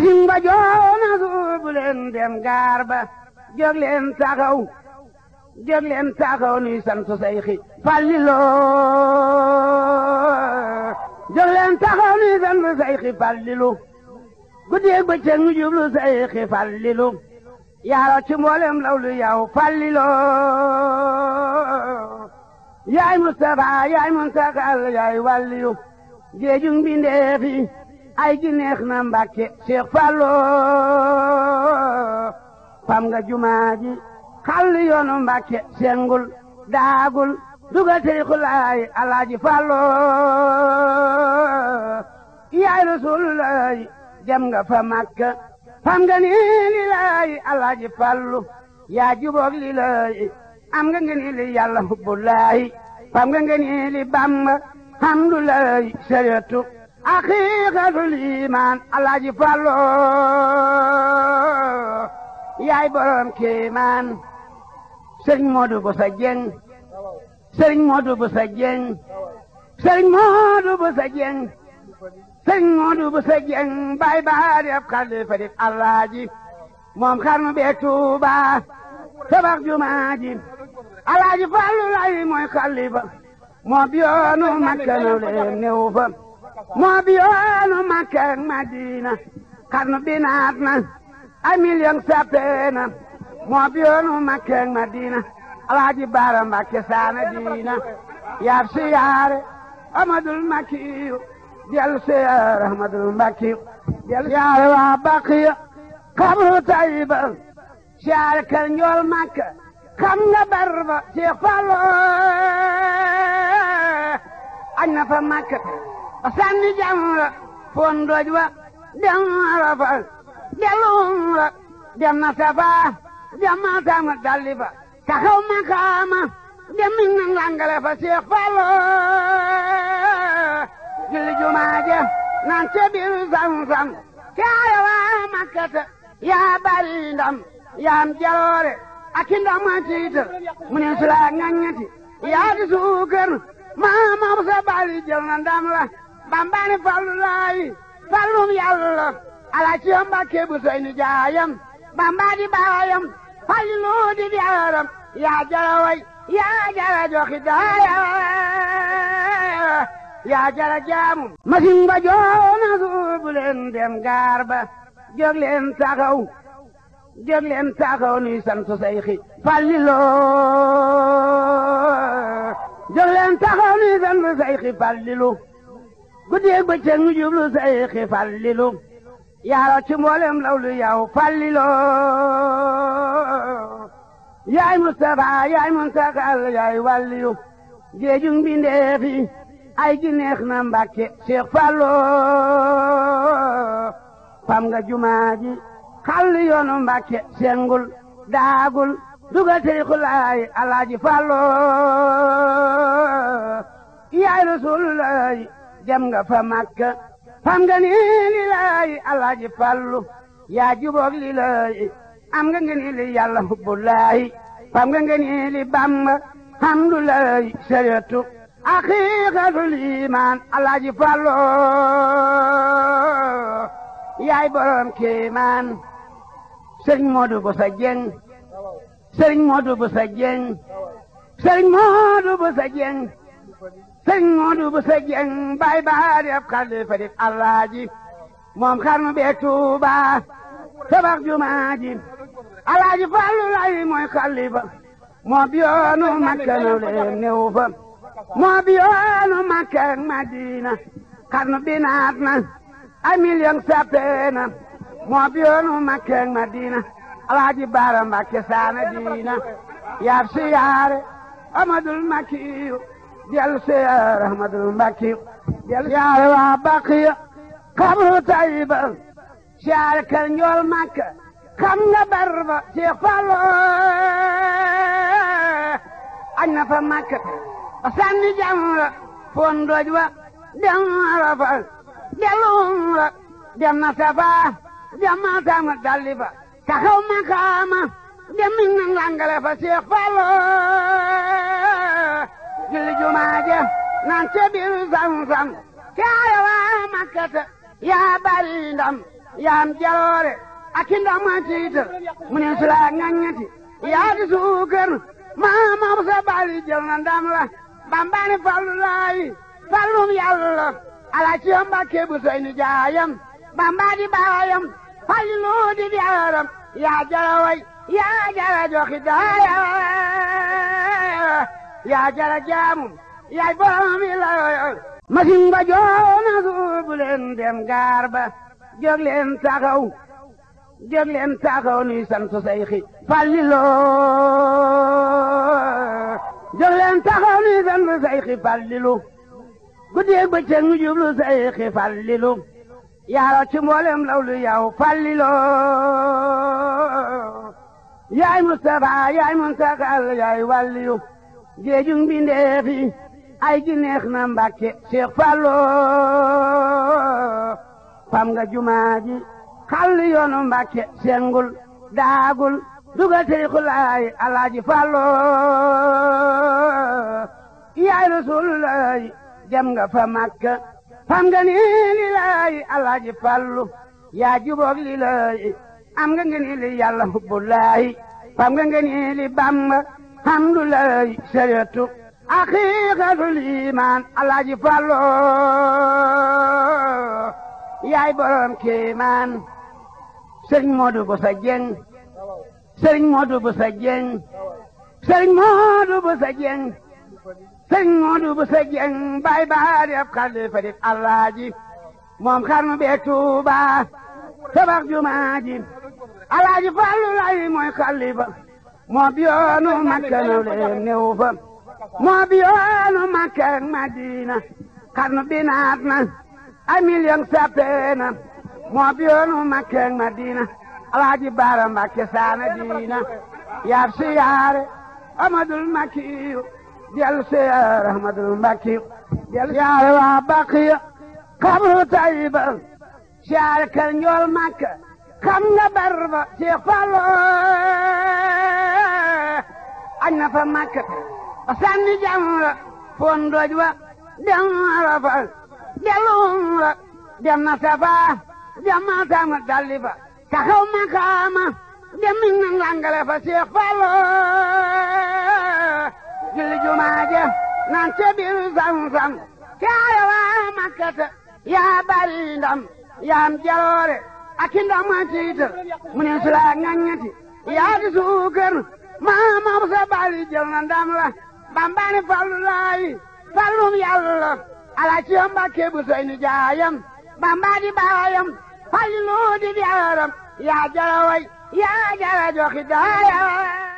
sin ba joona suubu leen dem gaar ba jóg leen taxaw jóg leen taxaw nuy sant Seyxi Fàllilu jóg leen taxaw nuy sant Seyxi Fàllilu guddeeg bëccëg nu jublu Seyxi Fàllilu yaaro ci mboolem lawlu yow Fàllilu yaay Mustafa yaay Muntakal yaay wàlliyu géejug mbindeef yi ay ji na mbàkke Seex Fallu fam nga jumaa ji xàll yoonu mbàkke sengul daagul dugal tariku laay alaaji Fallu yaay rasulullaay dem nga fa Makka fam nga ni laay alaaji Fallu yaa juboog li laay am nga nga ni li yàlla fam nga nga ni li Bàmba hamdulaay sareetu haqiqatul iman alaaji Fallu yaay borom kéemaan sëriñ Modou Bousso Dieng sëriñ Modou Bousso Dieng sëriñ Modou Bousso Dieng bay ba def xalifa def moom xarnu bee Tuuba tabax jumaa ji alaaji lay mooy xalifa moo biyoonu makka naw leen néew fa moo bi yoonu Makka ak Madina ay million sappee moo bi yoonu Makka ak Madina Alaaji saana diina yaab siyaare Amadul Makkiyu del siyaare Amadul Makkiyu del siyaare waa Baqiya xabru Tayiba siyaare kër njool Makka xam nga barba ci Fallu añ na fa sànni jam la fon doj wa dem Arafat delum la dem na Safa dem Mata Muzdalifa taxaw makaama dem na langale fa Seex Fallu julli jumaa ja naan ca biir kaaya waa Makkata yaa bari ndam yaa am jaloore ndam a tiital mu ne su la ngañati yaa di suukar maa moom sa bari jël na ndam la bambani fallu laayi fallum yàlla alaci yam mbàkke soy ni jaayam bamba di baayam fallilu di jaaram yaa jara way yaa jara joxi daaya yaa jara jaamu masin ba joona suubu dem gaar ba jóg leen taxaw jóg leen taxaw nuy sant fallilu jóg leen taxaw nuy sant sayxi fallilu guddee bëccëg ñu jublu say fallilu yaaro ci mboolem lawlu yow fallilu yaay Mustafa yaay Muntakal yaay wàlliyu géejug mbindeef ay gi neex na Mbàkke Cheikh Fallu fam nga jumaa ji xàll yoonu Mbàkke daagul dugal tariqulaay Alaaji Fallu yaay Rasulullaay dem nga fa Makka fam nga ni li lay alaaji Fallu yaa juboog li lay am nga nga ni li yàlla hubbu lay fam nga nga ni li Bamba hamdu lay saretu aqiqatul iman alaaji Fallu yaay borom kéemaan sëriñ Modou Bousso Dieng sëriñ Modou Bousso Dieng sëriñ Modou Bousso Dieng sëñ Moodu bu sa jeng bay ba di di alaaji moom xarnu bee Tuuba tabax jumaa ji alaaji Fallu lay mooy xalifa moo bi yoonu Makka leen néew fa moo bi yoonu Madina xarnu bi naat na ay million sappee na moo bi Madina alaaji Baara Mbàkke saana diina yaab siyaare Amadul Makiyu del si rahmatul mbakki del siyaare waa baqiya xabru tayiba siyaare kër njool makka xam barba ci falo añ na fa makka sànni jamra fon doj wa dem ra dem na safa dem na tama dalli fa taxaw makaama dem na langale fa julli jumaa ja naan ca biir zam-zam kaaya waa makkata yaa bari ndam yaam jaloore ak ndam a e tiital mu ne su laa ŋaññati yaa di suukar maa moom sa bari jël na ndam la bambani fallu laayi fallum yàlla ala ci yom bakke bu soy ni jaayam bamba di baayam fallu di jaaram yaa jara way yaa jara joxi daayam yaa jara jaamu yaay borom yi layool masin ba joona suubu leen dem gaar ba jóg leen taxaw jóg leen taxaw nuy sant sayxi Fallilo leen taxaw nuy sant sayxi Fallilu guddeeg bëccëg ñu jublu sayxi ci mboolem law lu yow Fallilo yaay Mustafa yaay Muntakal yaay wàlliyu géeju bi yi ay gi neex na mbàkke Cheikh Fallo pam nga jumaa ji xàll yoonu mbàkke sengul daagul dugal tariixu laay alaaji Fallo yaay rasulullaay jam nga fa Makka pam nga ni laay alaaji Fallu yaa juboog li am nga nga ni li yàlla hubbu nga nga ni li alhamdulilah sariatu aqiqatul iman alaaji Fallu yaay borom kéemaan sëriñ Modou Boussa Dieng sëriñ Modou Boussa Dieng bay baa ab xalifa di moom xarnu beeg Tuuba tabax jumaa Fallu lay mooy xalifa moo bi yoonu Makka naw leen ay million sappee moo bi yoonu Makka ak Madina Alaaji saana diina yaab siyaare Amadul Makkiyu dellu siyaare Amadul Mbàkkiyu dellu siyaare waa Baqiya xabru Tayiba siyaare kër njool Makka xam nga bar ba Seex aj na fa màkka ba sànni jamra foon doj wa dem Arafa dellu umra dem na Safa dem Mata Muzdalifa taxaw maqaama dem na langale fa Seex Fallu julli jumaa ja naan ca biir kaaya waa Makkata yaa bari ndam yaa jaloore ak ndam a tiital mu ne su la ngañati yaa di suukar maama Musa Bali jël na ndam la bambani fallu laayi fallum yàlla la ala ci yom Mbàkke bu soy ni jaayam bamba di baayam fallu di biyaaram yaa jara way yaa jara joxi daaya